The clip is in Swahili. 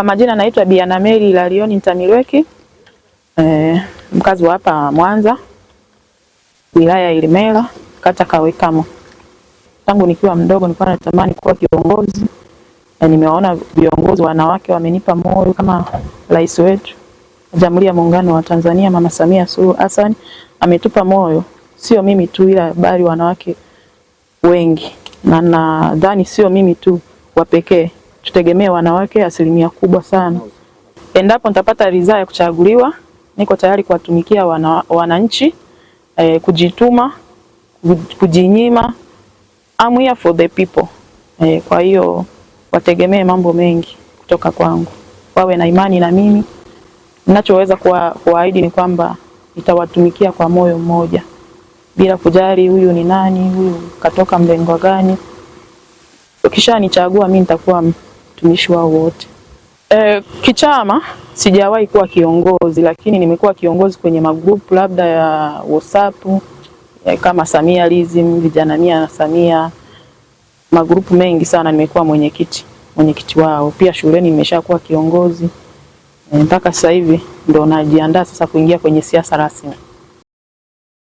Kwa majina naitwa Bi Anameli Lalioni Mtamilweki eh, mkazi wa hapa Mwanza wilaya ya Ilemela kata Kawekamo. Tangu nikiwa mdogo nilikuwa natamani kuwa kiongozi na nimewaona viongozi wanawake wamenipa moyo kama rais wetu Jamhuri ya Muungano wa Tanzania Mama Samia Suluhu Hassan ametupa moyo, sio mimi tu, ila bali wanawake wengi, na nadhani sio mimi tu wa pekee tutegemee wanawake asilimia kubwa sana. Endapo nitapata ridhaa ya kuchaguliwa, niko tayari kuwatumikia wana, wananchi eh, kujituma, kujinyima. I'm here for the people eh, kwa hiyo wategemee mambo mengi kutoka kwangu, wawe na imani na mimi. Ninachoweza kuwaahidi ni kwamba nitawatumikia kwa moyo mmoja bila kujali huyu ni nani, huyu katoka mlengo gani. Ukishanichagua mimi nitakuwa watumishi wao wote. E, kichama sijawahi kuwa kiongozi, lakini nimekuwa kiongozi kwenye magrupu labda ya WhatsApp ya kama Samia Lism, vijana mia na Samia, magrupu mengi sana nimekuwa mwenyekiti mwenyekiti wao. Pia shuleni nimeshakuwa kiongozi e, mpaka e, sasa hivi ndo najiandaa sasa kuingia kwenye siasa rasmi.